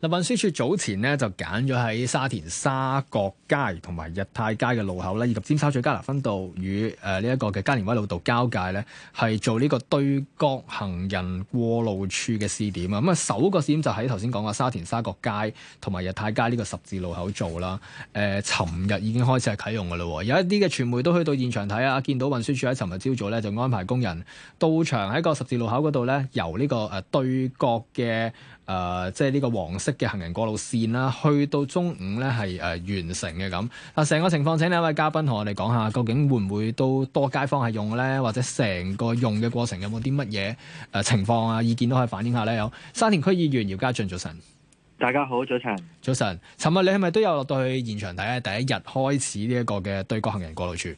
嗱，運輸署早前咧就揀咗喺沙田沙角街同埋逸泰街嘅路口咧，以及尖沙咀加拿分道與呢一、呃這個嘅加連威老道交界咧，係做呢個對角行人過路處嘅試點。咁、嗯、啊，首個試點就喺頭先講嘅沙田沙角街同埋逸泰街呢個十字路口做啦。誒、呃，尋日已經開始係啟用喇喎。有一啲嘅傳媒都去到現場睇啊，見到運輸署喺尋日朝早咧就安排工人到場喺個十字路口嗰度咧，由呢個誒對角嘅。誒、呃，即係呢個黃色嘅行人過路線啦，去到中午呢係誒、呃、完成嘅咁。啊，成個情況請兩位嘉賓同我哋講下，究竟會唔會都多街坊係用呢？或者成個用嘅過程有冇啲乜嘢誒情況啊？意見都可以反映下呢。有沙田區議員姚嘉俊，早晨。大家好，早晨。早晨，尋日你係咪都有落到去現場睇啊？第一日開始呢一個嘅對角行人過路處。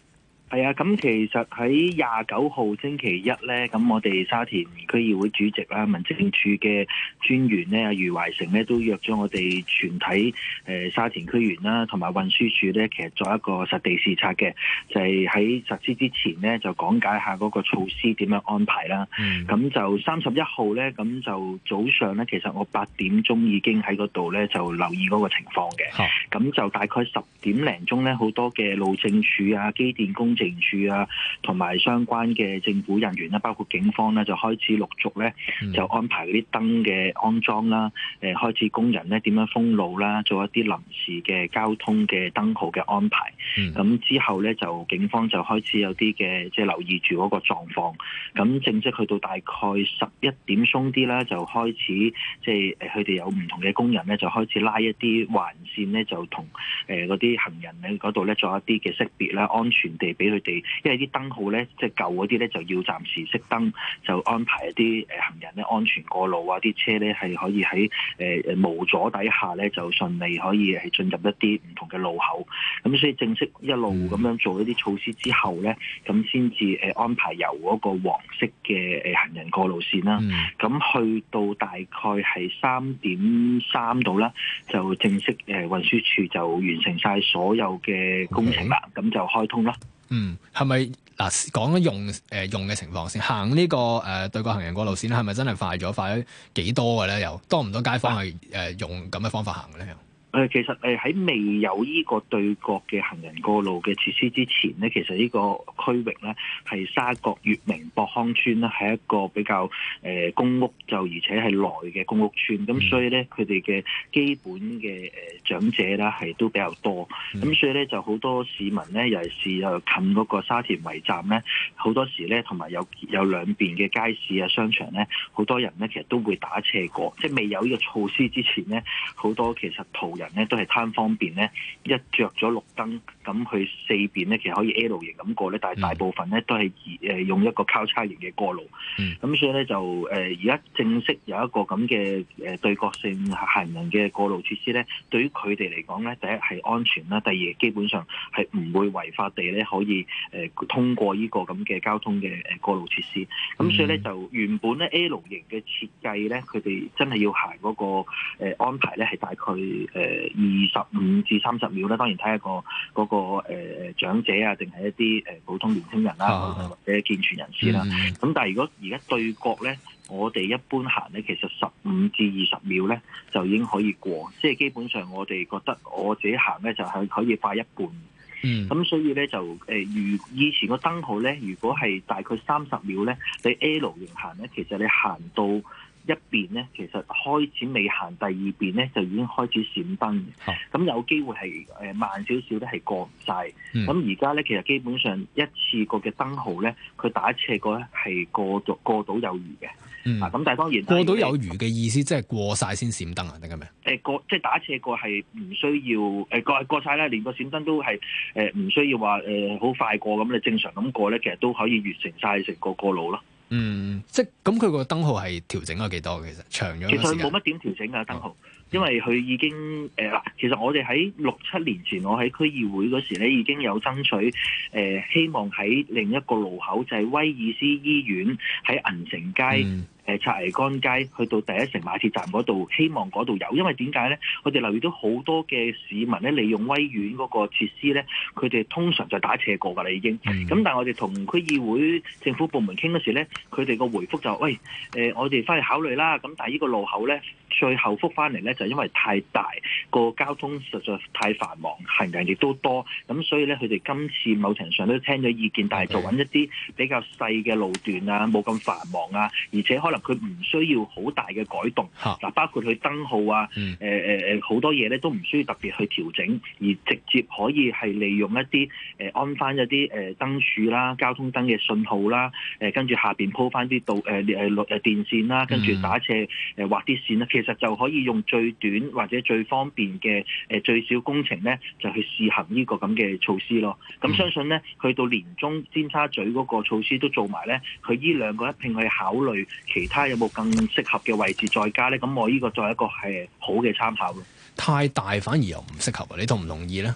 係啊，咁其實喺廿九號星期一咧，咁我哋沙田區議會主席啦、民政處嘅專員咧、阿余懷成咧，都約咗我哋全體誒沙田區員啦，同埋運輸處咧，其實作一個實地視察嘅，就係、是、喺實施之前咧，就講解下嗰個措施點樣安排啦。咁、嗯、就三十一號咧，咁就早上咧，其實我八點鐘已經喺嗰度咧，就留意嗰個情況嘅。咁就大概十點零鐘咧，好多嘅路政處啊、機電工。警署啊，同埋相關嘅政府人員咧，包括警方咧，就開始陸續咧，就安排啲燈嘅安裝啦。誒、mm. 開始工人咧點樣封路啦，做一啲臨時嘅交通嘅燈號嘅安排。咁、mm. 之後咧，就警方就開始有啲嘅，即、就、係、是、留意住嗰個狀況。咁正式去到大概十一點鬆啲啦，就開始即係誒佢哋有唔同嘅工人咧，就開始拉一啲環線咧，就同誒嗰啲行人喺嗰度咧，做一啲嘅識別啦，安全地俾。佢哋，因為啲燈號咧，即係舊嗰啲咧，就要暫時熄燈，就安排一啲行人咧安全過路啊！啲車咧係可以喺誒誒無阻底下咧，就順利可以係進入一啲唔同嘅路口。咁所以正式一路咁樣做一啲措施之後咧，咁先至安排由嗰個黃色嘅行人過路線啦。咁、嗯、去到大概係三點三度啦，就正式誒運輸署就完成晒所有嘅工程啦，咁、okay. 就開通啦。嗯，係咪嗱講咗用、呃、用嘅情況先行、呢個？行呢個誒對角行人過路線係係咪真係快咗？快咗幾多㗎咧？有多唔多街坊係誒、呃、用咁嘅方法行嘅咧？其實誒喺未有呢個對角嘅行人過路嘅設施之前呢，其實呢個區域呢，係沙角、月明、博康村呢，係一個比較公屋，就而且係內嘅公屋村，咁所以呢，佢哋嘅基本嘅誒長者啦，係都比較多，咁所以呢，就好多市民呢，尤其是誒近嗰個沙田圍站呢，好多時呢，同埋有有，有兩邊嘅街市啊、商場呢，好多人呢，其實都會打斜過，即係未有呢個措施之前呢，好多其實徒人咧都係貪方便咧，一着咗綠燈，咁佢四邊咧其實可以 L 型咁過咧，但係大部分咧都係誒用一個交叉型嘅過路，咁、嗯、所以咧就誒而家正式有一個咁嘅誒對角線行人嘅過路設施咧，對於佢哋嚟講咧，第一係安全啦，第二基本上係唔會違法地咧可以誒通過呢個咁嘅交通嘅誒過路設施，咁、呃嗯、所以咧就原本咧 L 型嘅設計咧，佢哋真係要行嗰個安排咧係大概誒。呃誒二十五至三十秒啦，當然睇下、嗰個嗰、嗰個誒誒、呃、長者啊，定係一啲誒、呃、普通年輕人啦、啊，或者健全人士啦。咁、嗯、但係如果而家對角咧，我哋一般行咧，其實十五至二十秒咧就已經可以過，即係基本上我哋覺得我自己行咧就係可以快一半。嗯，咁所以咧就誒，如、呃、以前個燈號咧，如果係大概三十秒咧，你 L 型行咧，其實你行到。一邊咧，其實開始未行，第二邊咧就已經開始閃燈。咁有機會係誒慢少少咧，係過唔晒。咁而家咧，其實基本上一次過嘅燈號咧，佢打斜過咧係過到過到有餘嘅、嗯。啊，咁但係當然過到有餘嘅意思，即係過晒先閃燈啊？定係咩？誒過即係打斜過係唔需要誒、呃、過過曬啦，連個閃燈都係唔、呃、需要話好、呃、快過咁。你正常咁過咧，其實都可以完成晒成個過路咯。嗯，即係咁，佢個燈號係調整咗幾多？其實長咗幾多？佢冇乜點調整㗎，燈號。嗯因為佢已經嗱、呃，其實我哋喺六七年前，我喺區議會嗰時咧已經有爭取、呃、希望喺另一個路口就係、是、威爾斯醫院喺銀城街誒、嗯呃、赤泥坪街去到第一城馬鐵站嗰度，希望嗰度有。因為點解咧？我哋留意到好多嘅市民咧，利用威院嗰個設施咧，佢哋通常就打斜過㗎啦，已經。咁、嗯、但係我哋同區議會政府部門傾嗰時咧，佢哋個回覆就喂、呃、我哋翻去考慮啦。咁但係呢個路口咧。最後覆翻嚟咧，就因為太大個交通實在太繁忙，行人亦都多，咁所以咧佢哋今次某程上都聽咗意見，但係就揾一啲比較細嘅路段啊，冇咁繁忙啊，而且可能佢唔需要好大嘅改動，嗱，包括佢燈號啊，誒誒誒好多嘢咧都唔需要特別去調整，而直接可以係利用一啲誒安翻一啲誒燈柱啦、交通燈嘅信號啦，誒跟住下邊鋪翻啲導誒誒電線啦，跟住打斜誒畫啲線啦，其實。就可以用最短或者最方便嘅誒、呃、最少工程咧，就去試行呢個咁嘅措施咯。咁相信咧，去到年終尖沙咀嗰個措施都做埋咧，佢呢兩個一並去考慮其他有冇更適合嘅位置再加咧。咁我呢個作為一個係好嘅參考咯。太大反而又唔適合啊！你同唔同意咧？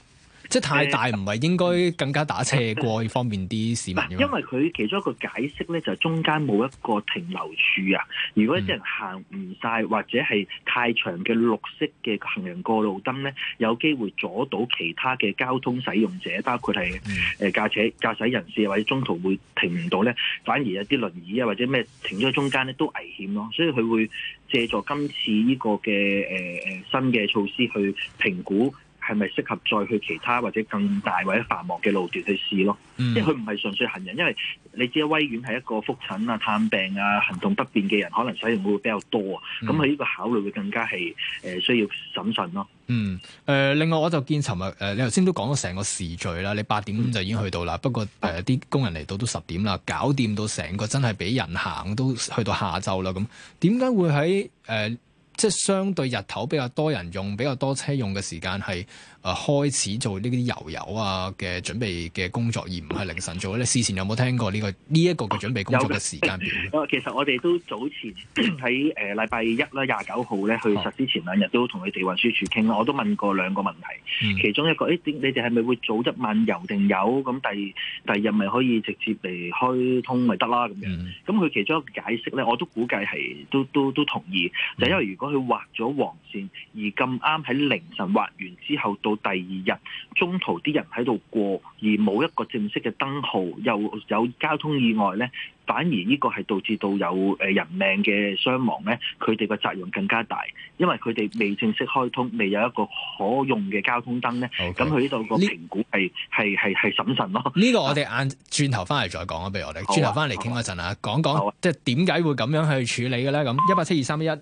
即係太大唔係，呃、應該更加打斜過去方便啲市民。因為佢其中一個解釋咧，就係中間冇一個停留處啊。如果啲人行唔晒或者係太長嘅綠色嘅行人過路燈咧，有機會阻到其他嘅交通使用者，包括係誒駕車駕駛人士，或者中途會停唔到咧，反而有啲輪椅啊或者咩停咗中間咧都危險咯。所以佢會借助今次呢個嘅誒誒新嘅措施去評估。係咪適合再去其他或者更大或者繁忙嘅路段去試咯？即係佢唔係純粹行人，因為你知啦，威院係一個覆診啊、探病啊、行動不便嘅人可能使用會比較多啊。咁佢呢個考慮會更加係誒、呃、需要審慎咯。嗯，誒、呃、另外我就見尋日誒你頭先都講咗成個時序啦，你八點就已經去到啦、嗯，不過誒啲、呃、工人嚟到都十點啦，搞掂到成個真係俾人行都去到下晝啦。咁點解會喺誒？呃即係相對日頭比較多人用、比較多車用嘅時間係誒開始做呢啲油油啊嘅準備嘅工作，而唔係凌晨做咧。你事前有冇聽過呢、呢個呢一、呢個嘅準備工作嘅時間表？啊，其實我哋都早前喺誒禮拜一啦、廿九號咧去實施前兩日都同佢哋運輸署傾，我都問過兩個問題、嗯，其中一個誒、哎、你哋係咪會早一晚油定有？咁？第第日咪可以直接嚟開通咪得啦咁樣？咁、嗯、佢其中一個解釋咧，我都估計係都都都同意，就係、因為如果如果佢劃咗黃線，而咁啱喺凌晨劃完之後，到第二日中途啲人喺度過，而冇一個正式嘅燈號，又有交通意外咧，反而呢個係導致到有誒人命嘅傷亡咧。佢哋個責任更加大，因為佢哋未正式開通，未有一個可用嘅交通燈咧。咁佢呢度個評估係係係係審慎咯。呢、這個我哋眼轉頭翻嚟再講啊，俾我哋轉頭翻嚟傾一陣啊，講講即係點解會咁樣去處理嘅咧？咁一八七二三一。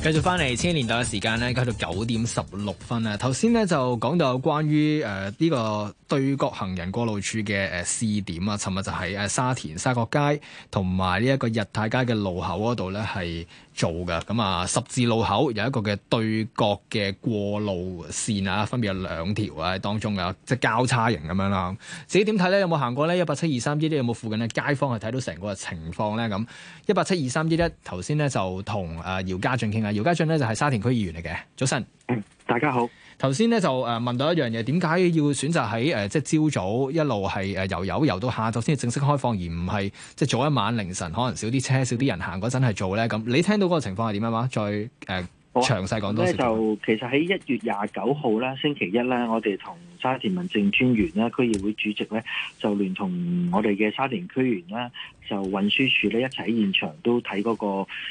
繼續返嚟千禧年代嘅時間呢，繼續九點十六分啊！頭先呢就講到關於呢、呃這個。對角行人過路處嘅誒試點啊，尋日就喺誒沙田沙角街同埋呢一個逸泰街嘅路口嗰度咧係做㗎。咁啊十字路口有一個嘅對角嘅過路綫啊，分別有兩條啊當中啊即係交叉型咁樣啦。自己點睇咧？有冇行過咧？一八七二三一呢？有冇附近嘅街坊係睇到成個情況咧？咁一八七二三一，頭先咧就同誒姚嘉俊傾下，姚嘉俊咧就係、是、沙田區議員嚟嘅。早晨、嗯，大家好。頭先咧就誒問到一樣嘢，點解要選擇喺誒即係朝早一路係誒游遊遊游到下晝先至正式開放，而唔係即係早一晚凌晨可能少啲車少啲人行嗰陣係做咧？咁你聽到嗰個情況係點樣話？再誒。Uh 詳細講多啲。咧就其實喺一月廿九號咧，星期一咧，我哋同沙田民政專員啦、區議會主席咧，就聯同我哋嘅沙田區員啦，就運輸署咧一齊喺現場都睇嗰、嗰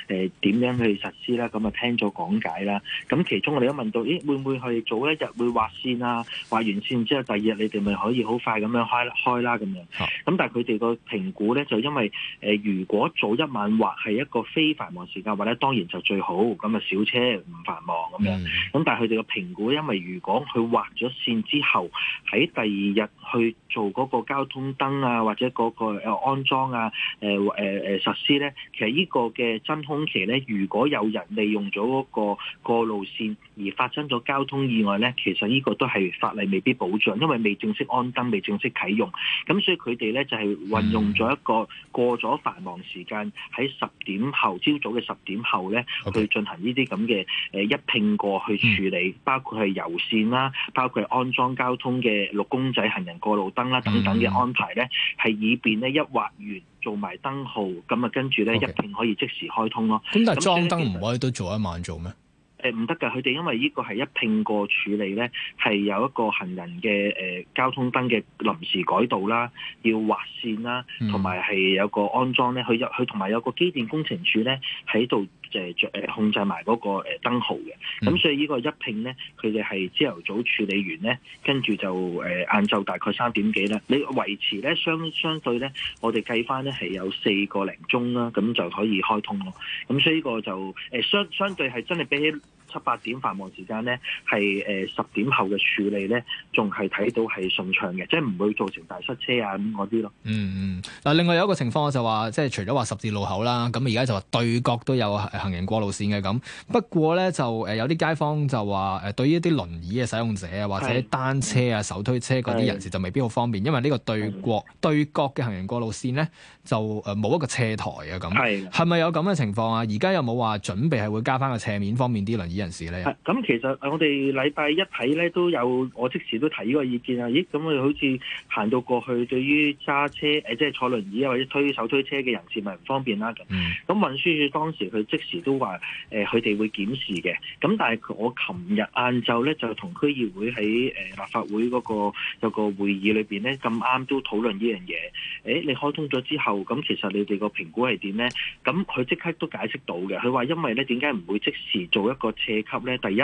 個誒點、呃、樣去實施啦。咁啊聽咗講解啦。咁其中我哋都問到，咦會唔會去早一日會畫線啊？畫完線之後，第二日你哋咪可以好快咁樣開開啦咁樣。咁、啊、但係佢哋個評估咧，就因為誒、呃、如果早一晚畫係一個非繁忙時間或者當然就最好咁啊少車。唔繁忙咁樣，咁但係佢哋嘅評估，因為如果佢劃咗線之後，喺第二日去做嗰個交通燈啊，或者嗰個誒安裝啊，誒誒誒實施咧，其實呢個嘅真空期咧，如果有人利用咗嗰個過路線而發生咗交通意外咧，其實呢個都係法例未必保障，因為未正式安燈，未正式啟用，咁所以佢哋咧就係、是、運用咗一個過咗繁忙時間，喺十點後，朝、嗯、早嘅十點後咧，okay. 去進行呢啲咁嘅。誒一拼過去處理，包括係油線啦，包括係安裝交通嘅綠公仔、行人過路燈啦等等嘅安排咧，係、嗯、以便咧一劃完做埋燈號，咁啊跟住咧一拼可以即時開通咯。咁、嗯、但係裝燈唔可以都做一晚做咩？誒唔得㗎，佢、呃、哋因為呢個係一拼過處理咧，係有一個行人嘅誒、呃、交通燈嘅臨時改道啦，要劃線啦，同埋係有，有個安裝咧，佢有佢同埋有，有個基建工程處咧喺度。就係誒控制埋嗰個誒燈號嘅，咁所以呢個一聘咧，佢哋係朝頭早處理完咧，跟住就誒晏晝大概三點幾呢。你維持咧相相對咧，我哋計翻咧係有四個零鐘啦，咁就可以開通咯。咁所以呢個就、欸、相相對係真係比起七八點繁忙時間咧，係誒十點後嘅處理咧，仲係睇到係順暢嘅，即係唔會造成大塞車啊咁嗰啲咯。嗯嗯，嗱另外有一個情況就話、是，即係除咗話十字路口啦，咁而家就話對角都有。行人過路線嘅咁，不過咧就誒有啲街坊就話誒對於一啲輪椅嘅使用者啊，或者單車啊、手推車嗰啲人士就未必好方便，因為呢個對角的對角嘅行人過路線呢，就誒冇一個斜台啊咁。係咪有咁嘅情況啊？而家有冇話準備係會加翻個斜面方便啲輪椅人士呢？咁其實我哋禮拜一睇呢，都有，我即時都提呢個意見啊！咦，咁佢好似行到過去，對於揸車誒即係坐輪椅或者推手推車嘅人士咪唔、就是、方便啦咁。咁、嗯、運輸署當時佢即時時都話誒，佢哋會檢視嘅。咁但係我琴日晏晝咧，就同區議會喺誒立法會嗰個有個會議裏邊咧，咁啱都討論呢樣嘢。誒、欸，你開通咗之後，咁其實你哋個評估係點咧？咁佢即刻都解釋到嘅。佢話因為咧，點解唔會即時做一個斜級咧？第一，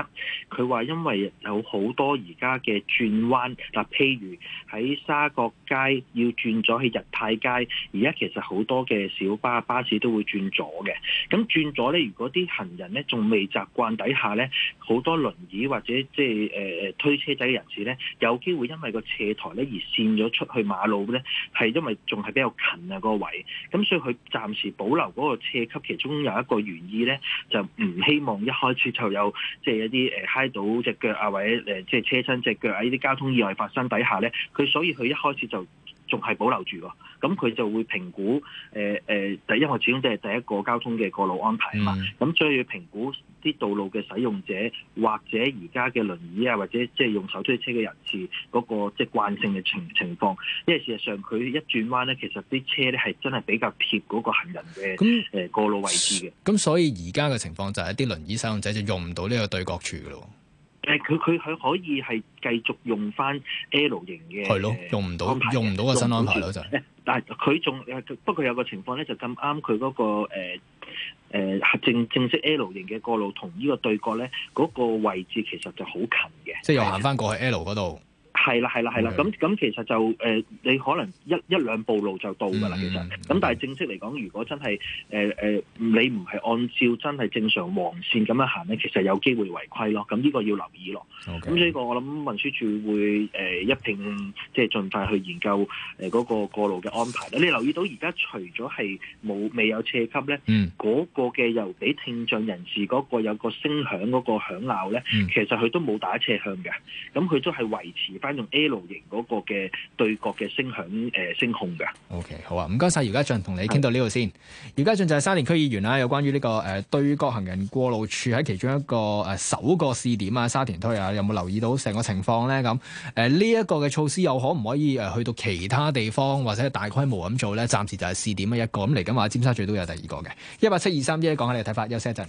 佢話因為有好多而家嘅轉彎嗱，譬如喺沙角街要轉咗去逸泰街，而家其實好多嘅小巴巴士都會轉左嘅。咁轉左。咧，如果啲行人咧仲未習慣底下咧，好多輪椅或者即係誒推車仔嘅人士咧，有機會因為個斜台咧而跣咗出去馬路咧，係因為仲係比較近啊個位，咁所以佢暫時保留嗰個斜級，其中有一個原意咧，就唔希望一開始就有即係、就是、一啲誒揩到隻腳啊，或者誒即係車親隻腳呢啲交通意外發生底下咧，佢所以佢一開始就仲係保留住㗎，咁佢就會評估，誒誒，第一個始終都係第一個交通嘅過路安排啊嘛，咁、嗯、所以要評估啲道路嘅使用者或者而家嘅輪椅啊，或者即係用手推車嘅人士嗰、嗰個即係慣性嘅情情況，因為事實上佢一轉彎咧，其實啲車咧係真係比較貼嗰個行人嘅誒過路位置嘅，咁所以而家嘅情況就係一啲輪椅使用者就用唔到呢個對角處㗎咯。誒佢佢佢可以係繼續用翻 L 型嘅，係咯，用唔到用唔到個新安排咯就係。但係佢仲不過有個情況咧，就咁啱佢嗰個誒合、呃呃、正正式 L 型嘅過路同呢個對角咧，嗰個位置其實就好近嘅，即係又行翻過去 L 嗰度。係啦，係啦，係啦。咁、okay. 咁、嗯嗯嗯，其實就誒、呃，你可能一一兩步路就到㗎啦。其實，咁但係正式嚟講，如果真係誒誒，你唔係按照真係正常黃線咁樣行咧，其實有機會違規咯。咁呢個要留意咯。咁、okay. 呢個我諗運輸署會誒、呃、一定即係、就是、盡快去研究誒嗰、呃那個過路嘅安排啦。你留意到而家除咗係冇未有車級咧，嗰、嗯那個嘅又俾聽障人士嗰個有個聲響嗰個響鬧咧、嗯，其實佢都冇打車向嘅，咁佢都係維持翻。用 L 型嗰個嘅對角嘅聲響誒聲控噶。O、okay, K 好啊，唔該晒，姚嘉俊同你傾到呢度先。姚嘉俊就係沙田區議員啦，有關於呢、這個誒、呃、對角行人過路處喺其中一個誒、呃、首個試點啊，沙田區啊，有冇留意到成個情況咧？咁誒呢一個嘅措施，又可唔可以誒、呃、去到其他地方或者大規模咁做咧？暫時就係試點嘅一個咁嚟緊話，尖沙咀都有第二個嘅一八七二三一，講下你嘅睇法，休息一陣。